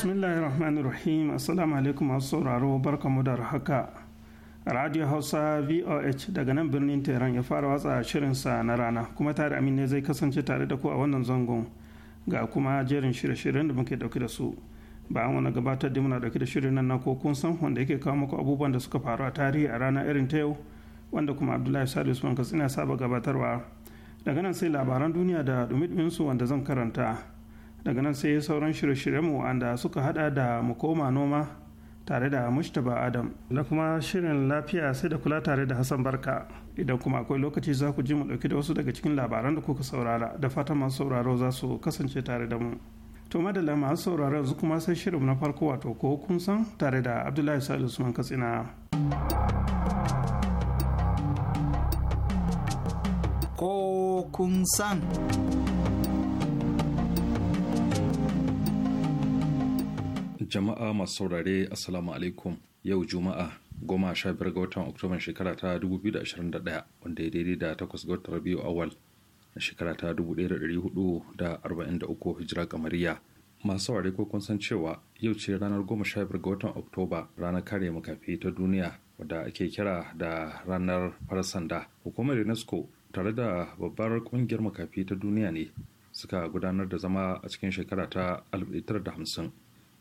bismillahirrahmanirrahim assalamu alaikum masu sauraro barkamu da haka radio hausa voh daga nan birnin tehran ya fara watsa shirinsa na rana kuma tare amin ne zai kasance tare da ku a wannan zangon ga kuma jerin shirye-shiryen da muke dauke da su Ba an wani gabatar da muna dauke da shirin nan na ko kun san wanda yake kawo muku abubuwan da suka faru a tarihi a rana irin ta yau wanda kuma abdullahi sadu usman katsina saba gabatarwa daga nan sai labaran duniya da dumi su wanda zan karanta daga nan sai sauran shirye-shiryenmu wanda suka hada da mu koma noma tare da mushtaba adam da kuma shirin lafiya sai da kula tare da hassan barka idan kuma akwai lokaci za ku ji mu dauki da wasu daga cikin labaran da kuka saurara da fatan masu sauraro za su kasance tare da mu to madalla masu sauraro yanzu kuma sai shirin na farko wato ko kun san tare da abdullahi sa'il usman katsina ko kun san jama'a masu saurare assalamu alaikum yau juma'a goma sha biyar ga watan oktoba shekara ta 2021 wanda ya daidai da takwas ga watan rabiu awal na shekara ta uku hijira kamariya masu saurare ko kun san cewa yau ce ranar goma sha biyar ga watan oktoba ranar kare makafi ta duniya wadda ake kira da ranar sanda hukumar unesco tare da babbar kungiyar makafi ta duniya ne suka gudanar da zama a cikin shekara ta 1950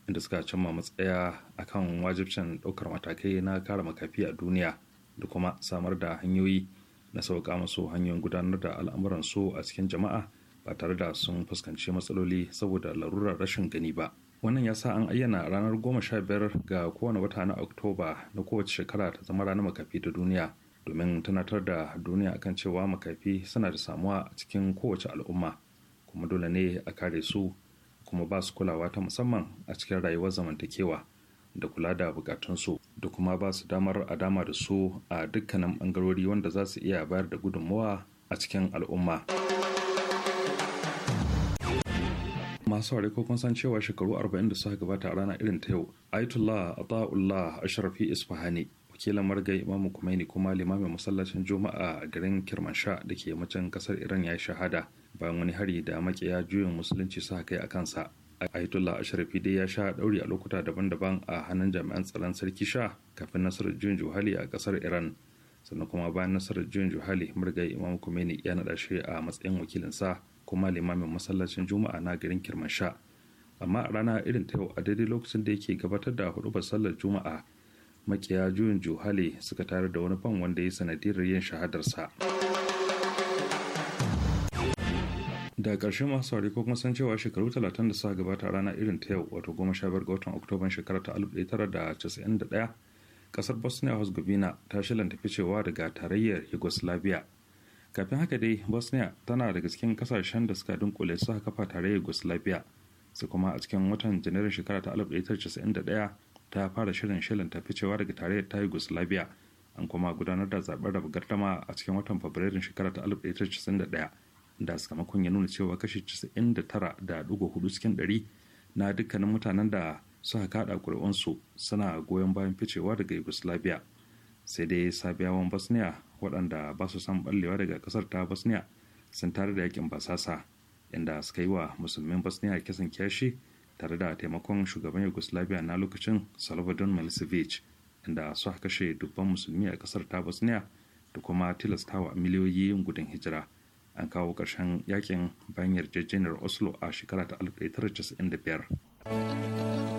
inda suka cimma matsaya a kan wajibcin ɗaukar matakai na kare makafi a duniya da kuma samar da hanyoyi na sauka masu hanyoyin gudanar da al'amuran su a cikin jama'a ba tare da sun fuskanci matsaloli saboda larurar rashin gani ba wannan ya sa an ayyana ranar goma sha biyar ga kowane wata na oktoba na kowace shekara ta zama ranar makafi ta duniya domin tunatar da duniya akan cewa makafi suna da samuwa a cikin kowace al'umma kuma dole ne a kare su kuma ba su kulawa ta musamman a cikin rayuwar zamantakewa da kula da bukatunsu da kuma ba su damar a dama da su a dukkanin bangarori wanda za su iya bayar da gudunmawa a cikin al'umma. masu ware ko kun san cewa shekaru 40 da suka gabata a rana irin ta yau aitullah ata'ullah ashrafi isfahani wakilan margai imamu kumaini kuma limamin masallacin juma'a a garin kirmansha da ke yammacin kasar iran ya yi shahada bayan wani hari da makiya juyin musulunci sa kai a kansa ayatollah asharifi dai ya sha ɗauri a lokuta daban-daban a hannun jami'an tsaron sarki sha kafin nasarar juyin juhali a kasar iran sannan kuma bayan nasarar juyin juhali margai imamu kumaini ya naɗa shi a matsayin wakilin sa kuma limamin masallacin juma'a na garin kirmansha amma a rana irin ta yau a daidai lokacin da yake gabatar da hudu ba sallar juma'a makiya juyin juhale suka tare da wani fan wanda ya sanadiyar yin shahadarsa da ƙarshen masu saurari ko kuma san cewa shekaru 30 da suka gabata a rana irin ta yau wato 15 ga watan oktoban shekarar ta 1991 kasar bosnia herzegovina ta shilanta cewa daga tarayyar yugoslavia kafin haka dai bosnia tana daga cikin kasashen da suka dunkule suka kafa tarayyar yugoslavia su kuma a cikin watan janairun shekara ta 1991 ta fara shirin shirin ta ficewa daga tarayyar ta yugoslavia an kuma gudanar da zaben raba gardama a cikin watan fabrairun shekara ta 1991 da sakamakon ya nuna cewa kashi 99.4 cikin 100 na dukkanin mutanen da suka kada ƙuri'unsu suna goyon bayan ficewa daga yugoslavia sai dai sabiyawan bosnia waɗanda ba su san ballewa daga ƙasar ta bosnia sun tare da yakin basasa inda suka yi wa musulmin bosnia kisan kyashi tare da taimakon shugaban yugoslavia na lokacin salvador milosevic inda su kashe dubban musulmi a kasar ta bosnia da kuma tilastawa miliyoyin gudun hijira an kawo ƙarshen yakin bayan yarjejeniyar oslo a shekara ta 1995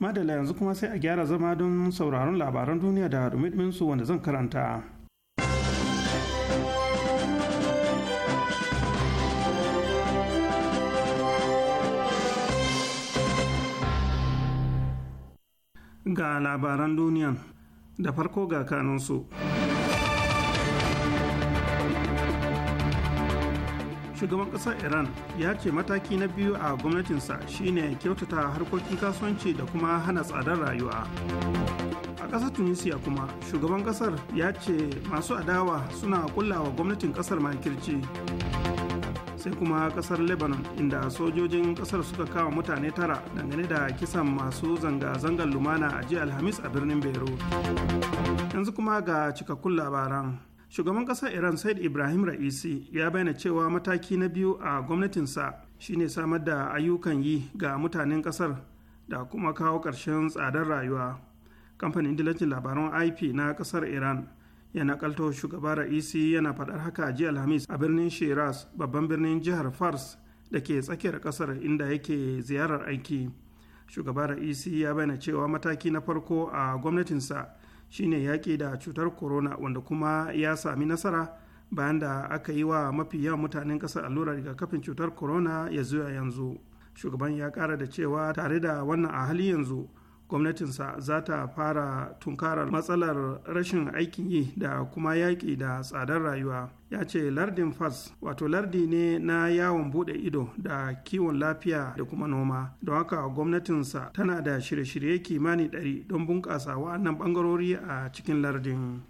madala yanzu kuma sai a gyara zama don sauraron labaran duniya da dumi su wanda zan karanta ga labaran duniyan da farko ga kanunsu. su shugaban ƙasar iran ya ce mataki na biyu a gwamnatinsa shine kyautata harkokin kasuwanci da kuma hana tsadar rayuwa a ƙasar tunisia kuma shugaban ƙasar ya ce masu adawa suna wa gwamnatin ƙasar makirci sai kuma kasar lebanon inda sojojin kasar suka kawo mutane tara dangane da kisan masu zanga-zangar lumana a jiya alhamis a birnin beirut yanzu kuma ga cikakkun labaran shugaban ƙasar iran said ibrahim ra'isi ya bayyana cewa mataki na biyu a gwamnatinsa shine samar da ayyukan yi ga mutanen ƙasar da kuma kawo ƙarshen tsadar rayuwa kamfanin dilancin labaran ip na ƙasar iran ya nakalto shugaba ra'isi yana faɗar haka ji alhamis a birnin shiraz babban birnin jihar fars da ke tsakiyar ƙasar inda yake ziyarar aiki shugaban ra'isi ya bayyana cewa mataki na farko a gwamnatinsa shine yaƙi da cutar corona wanda kuma ya sami nasara bayan da aka yi wa mafi yawan mutanen ƙasar allurar rigakafin cutar corona ya zuwa yanzu shugaban ya ƙara da cewa tare da wannan a hali yanzu gwamnatinsa za ta fara tunkarar matsalar rashin aikin yi da kuma yaƙi da tsadar rayuwa ya ce lardin fas wato lardi ne na yawon bude ido da kiwon lafiya da kuma noma don haka gwamnatinsa tana da shirye-shirye kimani 100 don bunƙasa wa'annan ɓangarori a cikin lardin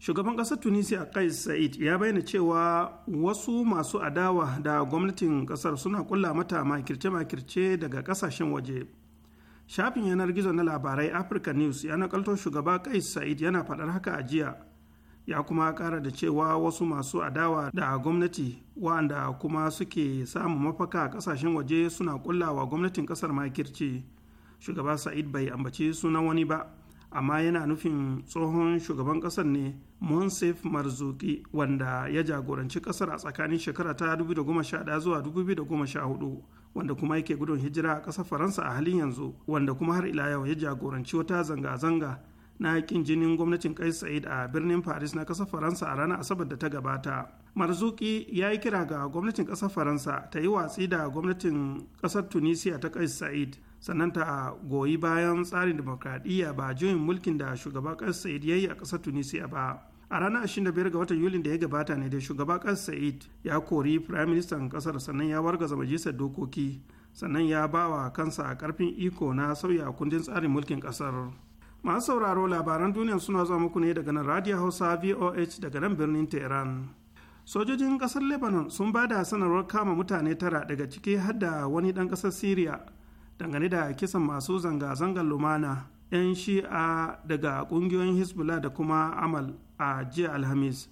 shugaban ƙasar tunisia kais sa'id ya bayyana cewa wasu masu adawa da gwamnatin ƙasar suna kulla mata makirce-makirce daga ƙasashen waje shafin yanar gizo na labarai africa news ya nakalto shugaba kais sa'id yana faɗar haka a jiya ya kuma ƙara da cewa wasu masu adawa da gwamnati wanda kuma suke samu mafaka a ƙasashen waje suna kullawa gwamnatin ƙasar makirci shugaba sa'id bai ambaci sunan wani ba amma yana nufin tsohon shugaban ƙasar ne monsef marzuki wanda ya jagoranci ƙasar a tsakanin shekara ta 2011 zuwa 2014 wanda kuma yake gudun hijira a ƙasar faransa a halin yanzu wanda kuma har ila yau ya jagoranci wata zanga-zanga na yakin jinin gwamnatin kais sa'id a birnin paris na ƙasar faransa a ranar asabar da ta gabata marzuki ya yi kira ga gwamnatin ƙasar faransa ta yi watsi da gwamnatin ƙasar tunisia ta kais sa'id sannan ta goyi bayan tsarin demokradiyya ba juyin mulkin da shugaba kais sa'id ya yi a ƙasar tunisia ba a ranar 25 ga watan yulin da ya gabata ne da shugaban kar sa'id ya kori firayim ministan kasar sannan ya wargaza majalisar dokoki sannan ya ba wa kansa karfin iko na sauya kundin tsarin mulkin kasar masu sauraro labaran duniya suna zuwa muku ne daga nan radio hausa voh daga nan birnin tehran sojojin kasar lebanon sun ba da sanarwar kama mutane tara daga ciki har da wani dan kasar syria dangane da kisan masu zanga-zangar lumana 'yan shi'a daga ƙungiyoyin hezbollah da kuma amal a jiya alhamis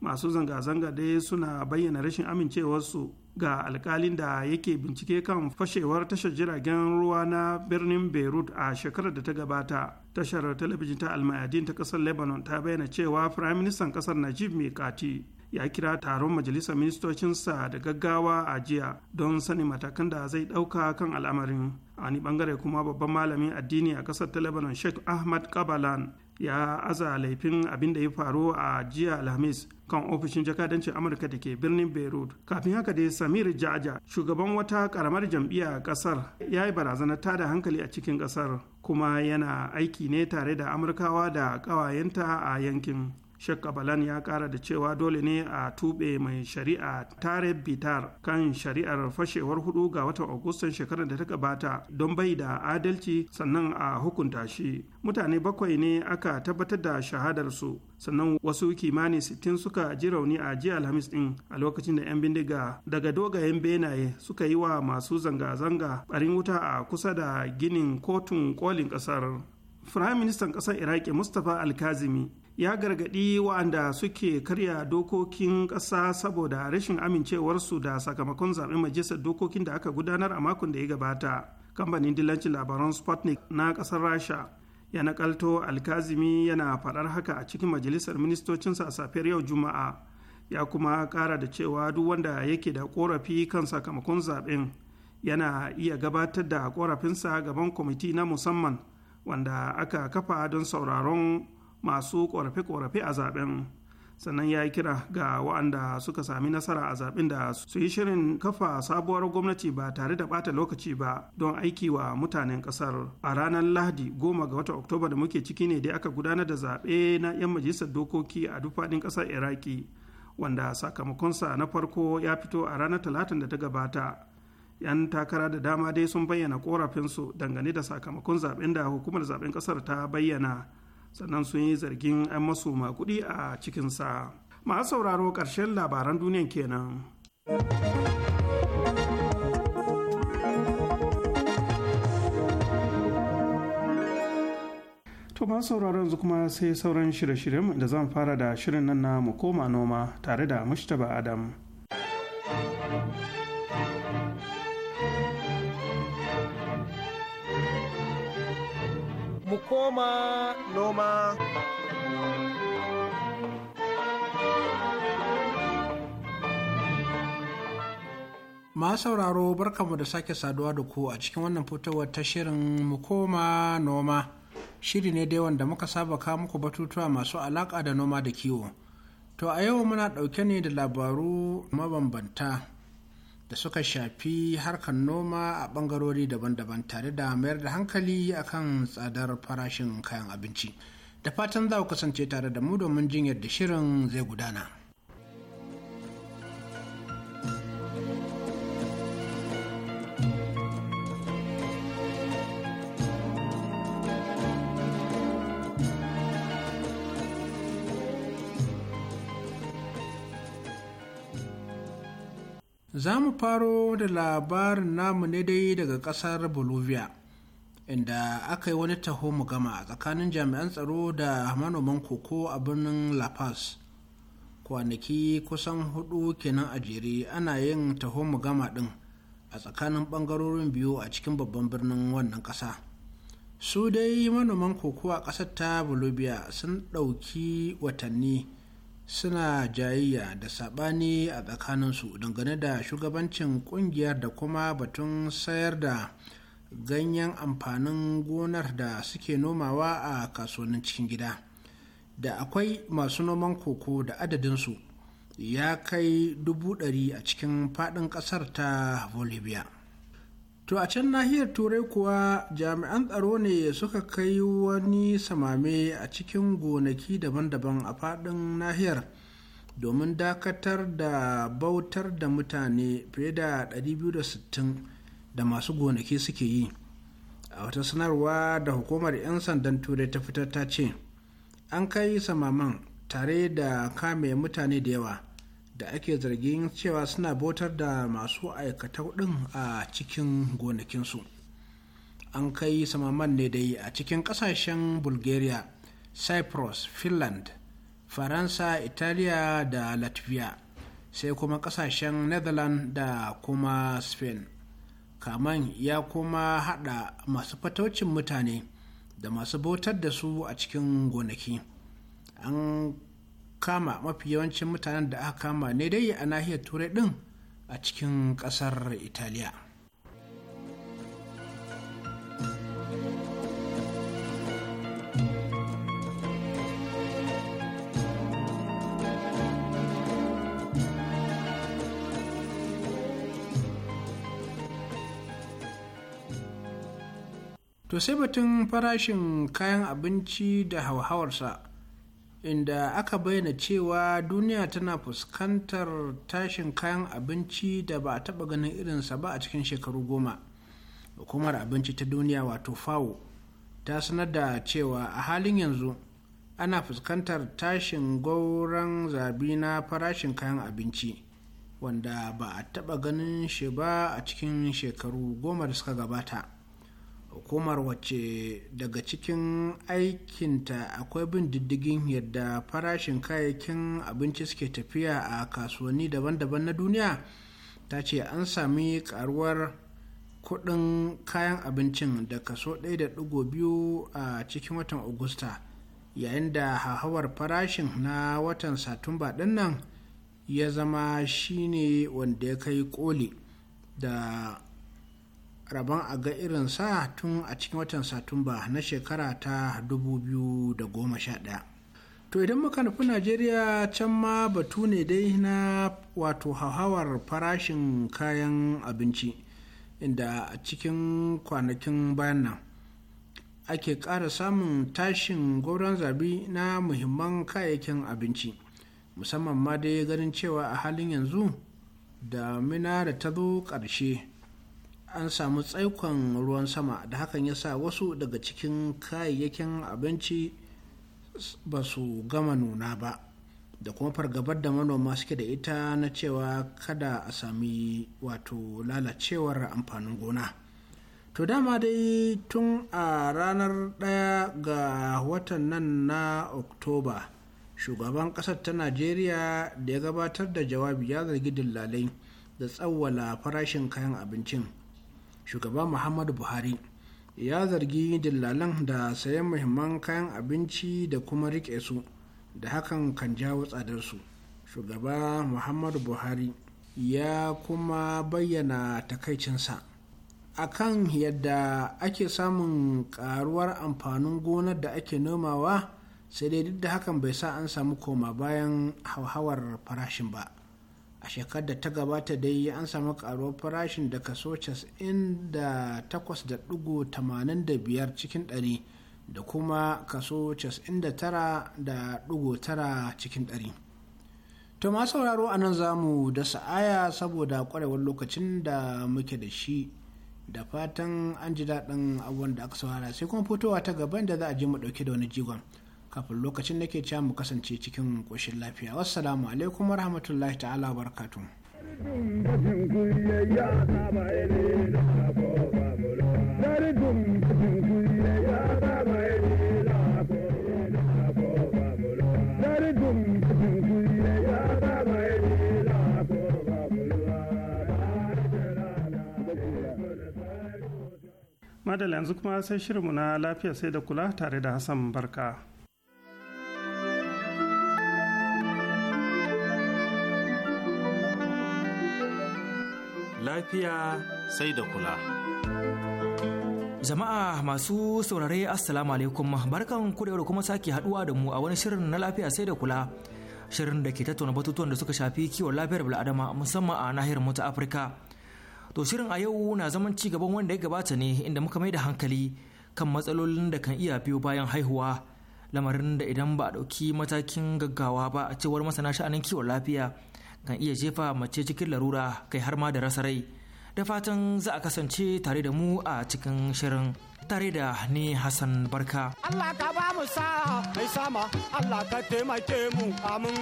masu zanga-zanga dai suna bayyana rashin amincewarsu ga alkalin da yake bincike kan fashewar tashar jiragen ruwa na birnin beirut a shekarar da ta gabata tashar talabijin ta almayadin ta kasar lebanon ta bayyana cewa firayim ministan kasar najib mikati ya kira taron majalisar ministocinsa da gaggawa a jiya don sanin matakan da zai ɗauka kan al'amarin Ani ni bangare kuma babban malamin addini a kasar ta lebanon sheikh ahmad kabalan ya aza laifin abin da ya faru a jiya alhamis kan ofishin jakadancin amurka da ke birnin beirut kafin haka dai samir jaja shugaban wata karamar jam'iyya a kasar ya yi barazanar da hankali a cikin kasar kuma yana aiki ne tare da amurkawa da ƙawayenta a yankin Sheikh Kabalan ya kara da cewa dole ne a tube mai shari'a Tare Bitar kan shari'ar fashewar hudu ga watan Agustan shekarar da ta gabata don bai da adalci sannan a hukunta shi. Mutane bakwai ne aka tabbatar da shahadarsu sannan wasu kimanin sittin suka ji rauni a jiya Alhamis din a lokacin da 'yan bindiga daga dogayen benaye suka yi wa masu zanga-zanga barin wuta a kusa da ginin kotun kolin kasar. Firayim Ministan ƙasar Iraki Mustapha Alkazimi ya gargadi wa'anda suke karya dokokin ƙasa saboda rashin amincewarsu da sakamakon zaɓen majalisar dokokin da aka gudanar a makon da ya gabata kamfanin dillancin labaran sputnik na ƙasar rasha ya nakalto alkazimi yana faɗar haka a cikin majalisar ministocinsa a safiyar yau juma'a ya kuma ƙara da cewa duk wanda yake da ƙorafi kan sakamakon zaɓen yana iya gabatar da ƙorafinsa gaban kwamiti na musamman wanda aka kafa don sauraron masu ƙorafe korafe a zaben sannan ya yi kira ga waɗanda suka sami nasara a zaɓen da su yi shirin kafa sabuwar gwamnati ba tare da ɓata lokaci ba don aiki wa mutanen ƙasar a ranar lahadi goma ga wata oktoba da muke ciki ne dai aka gudanar da zaɓe na 'yan majalisar dokoki a duk faɗin ƙasar iraki wanda sakamakonsa na farko ya fito a ranar talatin da ta gabata 'yan takara da dama dai sun bayyana korafinsu dangane da sakamakon zaɓen da hukumar zaɓen ƙasar ta bayyana sannan sun yi zargin 'yan masu makudi a cikinsa Ma sauraro ƙarshen labaran duniyan kenan to ma sauraro yanzu kuma sai sauran shirye-shiryen da zan fara da shirin nan na mu koma noma tare da mushtaba adam mu koma noma. Ma sauraro barkamu da sake saduwa da ku a cikin wannan fitowar ta shirin mu koma noma. Shiri ne dai wanda muka saba kawo muku batutuwa masu alaƙa da noma da kiwo. To a yau muna ɗauke ne da labaru mabambanta da suka shafi harkar noma a bangarori daban-daban tare da mayar da hankali akan tsadar farashin kayan abinci da fatan za ku kasance tare da mu domin jin yadda shirin zai gudana. za mu faro da labarin namu ne dai daga ƙasar bolivia inda aka yi wani taho mu gama a tsakanin jami'an tsaro da manoman koko a birnin la paz kwanaki kusan hudu kenan a jere ana yin taho mu gama din a tsakanin bangarorin biyu a cikin babban birnin wannan ƙasa su dai manoman koko a ƙasar ta bolivia sun ɗauki watanni suna jayayya da saɓani a tsakaninsu dangane da shugabancin ƙungiyar da kuma batun sayar da ganyen amfanin gonar da suke nomawa a kasuwannin cikin gida da akwai masu noman koko da adadinsu ya kai dubu ɗari a cikin faɗin ƙasar ta bolivia To a can nahiyar Turai kuwa jami'an tsaro ne suka kai wani samame a cikin gonaki daban-daban a faɗin nahiyar domin dakatar da bautar da mutane fiye da 260 da masu gonaki suke yi. A wata sanarwa da hukumar 'yan sandan Turai ta fitar ta ce, an kai samaman tare da kame mutane da yawa da ake zargin cewa suna botar da masu aikatau ɗin a cikin gonakinsu an kai samaman ne dai a cikin ƙasashen bulgaria cyprus finland faransa italiya da latvia sai kuma ƙasashen netherlands da kuma spain kaman ya kuma haɗa masu fataucin mutane da masu botar da su a cikin gonaki an kama mafi yawancin mutanen da aka kama ne dai a nahiyar turai din a cikin kasar italiya to sai batun farashin kayan abinci da hauhawarsa inda aka bayyana cewa duniya tana fuskantar tashin kayan abinci da ba a taɓa ganin irinsa ba a cikin shekaru goma hukumar abinci ta duniya wato fawo ta sanar da cewa a halin yanzu ana fuskantar tashin gauran zabi na farashin kayan abinci wanda ba a taɓa ganin shi ba a cikin shekaru goma da suka gabata hukumar wacce daga cikin aikinta akwai bin diddigin yadda farashin kayayyakin abinci suke tafiya a kasuwanni daban-daban na duniya ta ce an sami karuwar kudin kayan abincin da kaso 1.2 a cikin watan agusta yayin da hahawar farashin na watan satumba dinnan ya zama shine wanda ya kai koli da rabon a ga irin sa tun a cikin watan satumba na shekara ta 2011 to idan muka nufi najeriya can ma batu ne dai na wato hauhawar farashin kayan abinci inda a cikin kwanakin bayan nan ake ƙara samun tashin gauran zabi na muhimman kayayyakin abinci musamman ma dai ganin cewa a halin yanzu da mina da ta zo ƙarshe an samu tsaikon ruwan sama da hakan ya sa wasu daga cikin kayayyakin abinci ba su gama nuna ba da kuma fargabar da manoma suke da ita na cewa kada a sami wato lalacewar amfanin gona to dama dai tun a ranar ɗaya ga watan nan na oktoba shugaban kasar ta najeriya da ya gabatar da jawabi ya zargi dillalai da tsawwala farashin kayan abincin shugaba muhammadu buhari ya zargi dillalan da sayan muhimman kayan abinci da kuma rike su da hakan kan jawo tsadarsu shugaba muhammadu buhari ya kuma bayyana takaicinsa akan yadda ake samun karuwar amfanin gonar da ake nomawa sai dai duk da hakan bai sa an samu koma bayan hauhawar farashin ba a shekarar da ta gabata dai an samu karuwar farashin da kaso 98.85 cikin 100 da kuma kaso 99.9 cikin 100 to ma sauraro a nan zamu da sa'aya saboda kwarewar lokacin da muke da shi da fatan an ji daɗin abubuwan da aka saurara sai kuma fitowa ta gaban da za a je mu ɗauke da wani jigon kafin lokacin nake cewa mu kasance cikin ƙoshin lafiya wassalamu alaikum warahmatullahi ta'ala barkatu madalla yanzu kuma sai shirinmu na lafiya sai da kula tare da hassan barka lafiya sai da kula. Jama'a masu saurare Assalamu alaikum barkan ku da kuma sake haduwa da mu a wani shirin na lafiya sai da kula. Shirin da ke tattauna batutuwan da suka shafi kiwon lafiyar bil'adama musamman a nahiyar mu ta Afirka. To shirin a yau na zaman ci gaban wanda ya gabata ne inda muka mai da hankali kan matsalolin da kan iya biyo bayan haihuwa lamarin da idan ba a ɗauki matakin gaggawa ba a cewar masana sha'anin kiwon lafiya kan iya jefa mace cikin larura kai har ma da rasa rai da fatan za a kasance tare da mu a cikin shirin tare da ni Hassan Barka. Allah ka ba mu mai sama Allah ka taimake mu amin.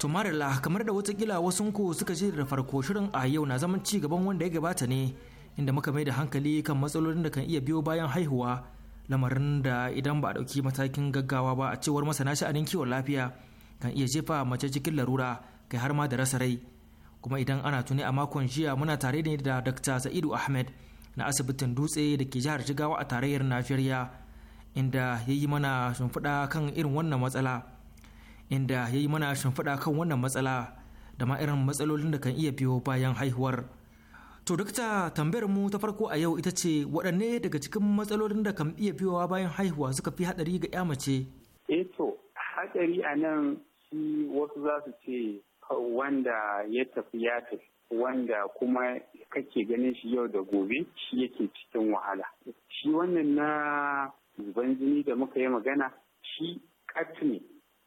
Tumarila kamar da watakila wasunku suka ce da farko shirin a yau na zaman ci gaban wanda ya gabata ne inda muka mai da hankali kan matsalolin da kan iya biyo bayan haihuwa lamarin da idan ba a ɗauki matakin gaggawa ba a cewar masana sha'anin kiwon lafiya kan iya jefa mace cikin larura kai har ma da rasa rai kuma idan ana tuni a makon jiya muna tare ne da dr sa'idu ahmed na asibitin dutse da ke jihar jigawa a tarayyar najeriya inda ya yi mana shimfiɗa kan irin wannan matsala inda ya yi mana shimfiɗa kan wannan matsala da ma irin matsalolin da kan iya biyo bayan haihuwar to dukta tambayar mu ta farko a yau ita ce waɗanne daga cikin matsalolin da kan iya biyowa bayan haihuwa suka fi haɗari ga ya mace eh to haɗari a nan shi wasu za su ce wanda ya tafi ya tafi wanda kuma kake ganin shi yau da gobe shi yake cikin wahala shi wannan na zuban jini da muka yi magana shi katne ne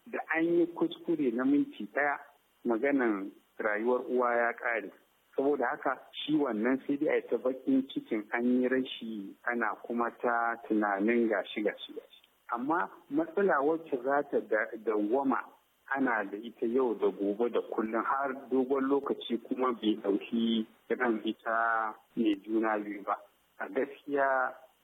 da an yi kuskure na minti ɗaya maganan rayuwar uwa ya ƙare saboda haka shi wannan sai dai a ta bakin cikin an yi rashi ana kuma ta tunanin gashi gashi gashi amma matsala wacce za ta dawwama ana da ita yau da gobe da kullum har dogon lokaci kuma bai ɗauki kiran ita mai juna biyu ba a gaskiya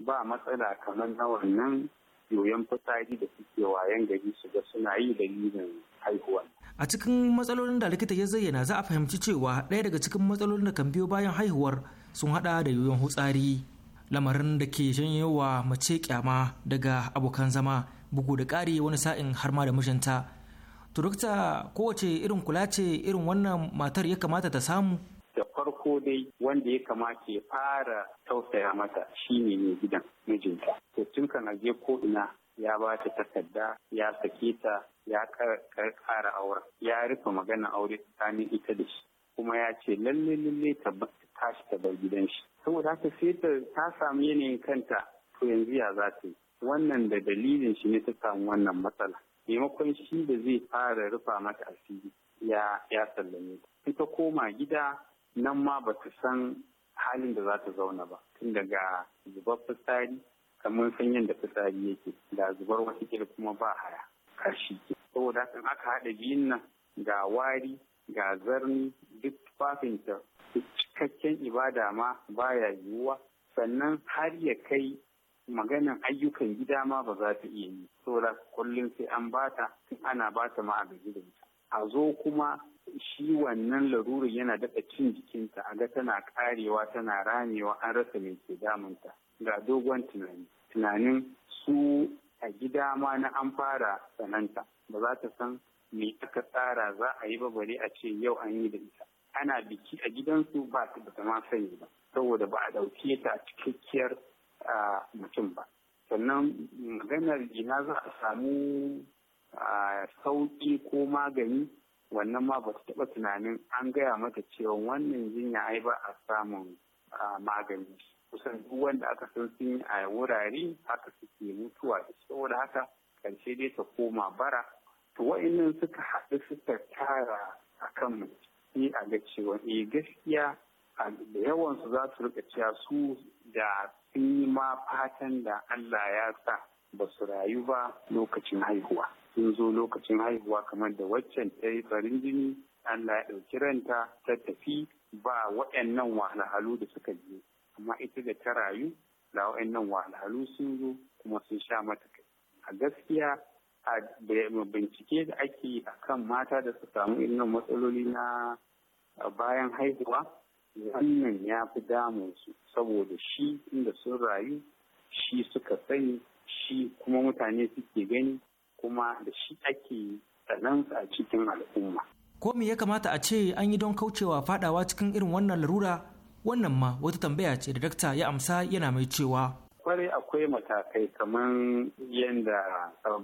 ba matsala kamar na wannan yoyon fitsari da suke wayan gari su ga suna yi dalilin haihuwa. A cikin matsalolin da likita ya zayyana za a fahimci cewa ɗaya daga cikin matsalolin da kan biyo bayan haihuwar sun haɗa da yoyon hutsari lamarin da ke janyo wa mace kyama daga abokan zama bugu da ƙari wani sa'in har ma da mijinta turukta kowace irin kula ce irin wannan matar ya kamata ta samu da farko dai wanda ya kamata ya fara tausaya mata shine ne gidan mijinta to tun kan aje ko ina ya ba ta takarda ya sake ta ya kara auren ya rufe magana aure tsakanin ita da shi kuma ya ce lalle lalle ta tashi ta bar gidan shi saboda haka sai ta ta samu yanayin kanta to yanzu ya za ta yi wannan da dalilin shi ne ta samu wannan matsala maimakon shi da zai fara rufa mata asiri ya ya sallame ta ta koma gida nan ma ba ta san halin da za ta zauna ba tun daga zubar fitsari kamar sanyin da fitsari yake da zubar wata kuma ba haya Karshe, ke. saboda hakan aka haɗa biyun nan ga wari ga zarni duk tufafinta cikakken ibada ma baya yiwuwa sannan har ya kai maganan ayyukan gida ma ba za ta iya yi saboda kullum sai an bata ana bata ma a gaji da ita a zo kuma shi wannan larurin yana daɗa cin jikinta a ga tana karewa tana ramewa an rasa mai ke damunta ga dogon tunani tunanin su a gida ma na an fara sananta ba za ta san me aka tsara za a yi babare a ce yau an yi da ita ana biki a gidansu ba ta ba ma sani ba saboda ba a ɗauke ta cikakkiyar a mutum ba sannan maganar ina za a samu sauƙi ko magani wannan ma ba su taɓa tunanin an gaya mata cewa wannan jinya ai ba a samun magani kusan duk wanda aka san sun yi a wurare haka suke mutuwa da saboda haka karshe dai ta koma bara to wa'annan suka haɗu suka tara a kan a ga cewa eh gaskiya da yawansu za su rika cewa su da sun yi ma fatan da Allah ya sa ba su rayu ba lokacin haihuwa. Sun zo lokacin haihuwa kamar da waccan ta yi farin jini, Allah ya ɗauki ranta ta tafi ba waɗannan wahalhalu da suka je. Amma ita da ta rayu, da waɗannan wahalhalu sun zo kuma sun sha mata kai. A gaskiya a bincike da ake yi kan mata da su samu irin matsaloli na bayan haihuwa wannan ya fi su saboda shi inda sun rayu shi suka sani shi kuma mutane suke gani kuma da shi ake tsananta a cikin al'umma. Ko me ya kamata a ce an yi don kaucewa fadawa cikin irin wannan larura? Wannan ma wata tambaya ce da dakta ya amsa yana mai cewa kwarai akwai matakai kamar yadda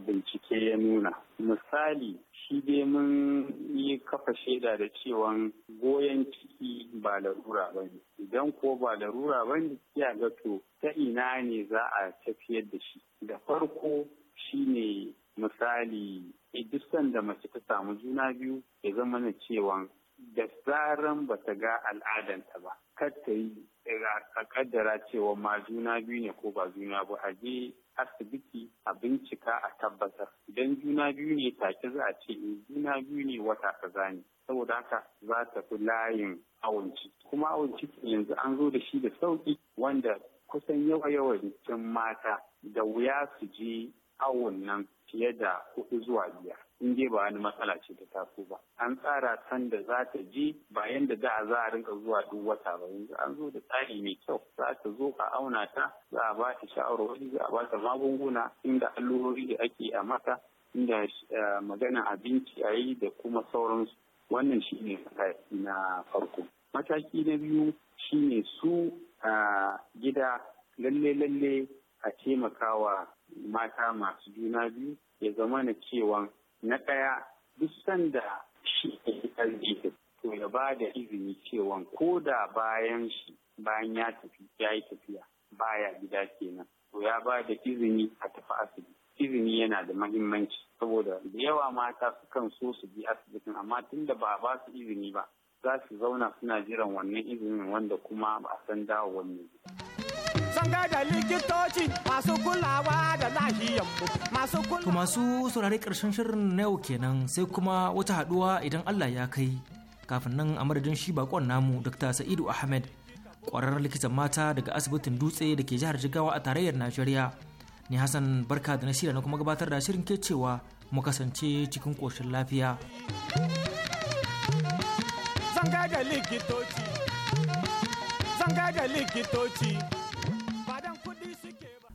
bincike ya nuna misali shi dai mun yi kafa shaida da cewan goyon ciki ba larura ba ne idan ko ba larura ba ne ya ga to ta ina ne za a tafiyar da shi da farko shine misali eh, duk da mace ta samu juna biyu ya zama na cewa da zaran ba ta ga al'adanta ba kar ta yi eh, a kaddara cewa ma juna biyu ne ko ba juna ba a je asibiti a bincika a tabbatar idan juna biyu ne take za a ce in eh, juna biyu ne wata ka zane saboda haka za ta fi layin awon ciki kuma awon ciki yanzu an zo da shi da sauki wanda kusan yawa yawa mata da wuya su je awon nan fiye da hudu zuwa biyar in je ba wani matsala ce ta taso ba an tsara san da za ta ji ba yanda da za a rinka zuwa duk wata ba yanzu an zo da tsari mai kyau za ta zo ka auna ta za a ba ta shawarwari za a ba ta magunguna inda allurori da ake a mata inda eh, magana abinci a yi da kuma sauransu wannan shine ne na farko mataki na biyu shine su ah, gida lalle-lalle a taimakawa mata masu juna biyu ya zama na cewa na ɗaya duk sanda shi ke to ya ba da izini cewa ko da bayan shi bayan ya tafi ya yi tafiya baya gida kenan to ya ba da izini a tafi asibiti izini yana da mahimmanci saboda da yawa mata sukan so su bi asibitin amma tunda ba ba su izini ba za su zauna suna jiran wannan izinin wanda kuma ba a san dawo wannan zan da likitoci masu kulawa da masu masu saurare karshen shirin na yau kenan sai kuma wata haduwa idan Allah ya kai kafin nan a madadin shi bakon namu Dr. Sa'idu Ahmed kwararren likitan mata daga asibitin dutse da ke jihar Jigawa a tarayyar Najeriya. Ni Hassan barka da nasira na kuma gabatar da shirin ke cewa mu kasance cikin koshin lafiya. Zanga da likitoci. Zanga da likitoci.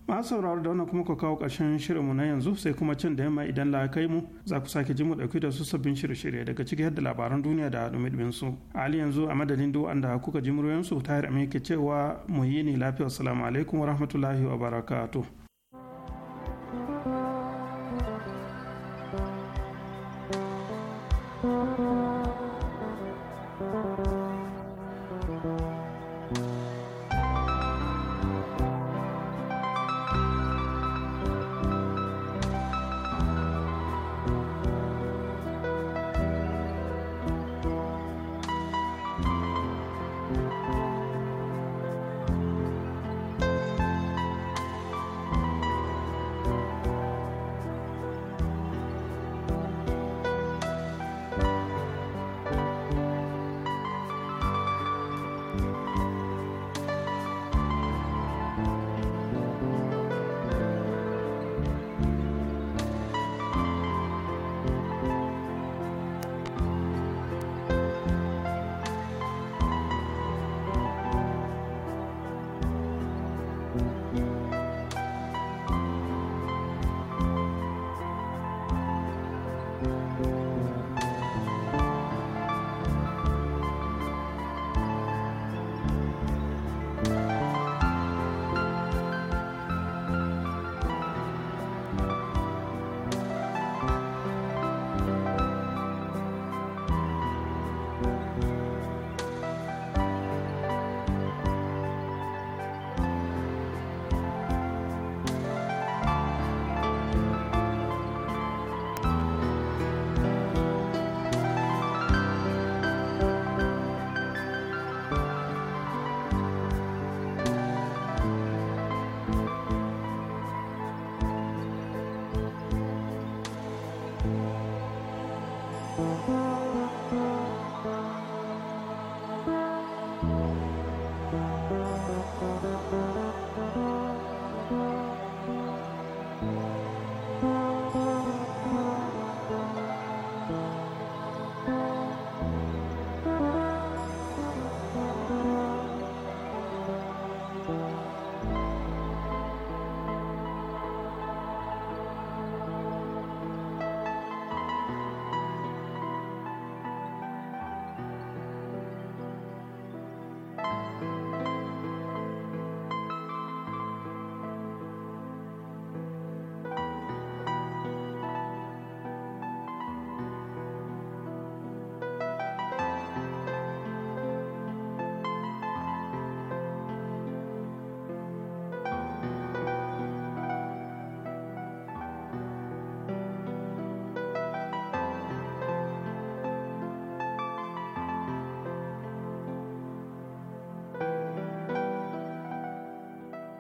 Ma sauraro da wannan kuma ku kawo ƙarshen shirinmu na yanzu sai kuma can da yamma idan la kai mu za ku sake ji mu ɗauki da su sabbin shirye-shirye daga ciki da labaran duniya da dumi su a hali yanzu a madadin duk wanda kuka ji muryoyin su tahir amin ke cewa mu yi ne, lafiya assalamu alaikum wa rahmatullahi wa barakatuh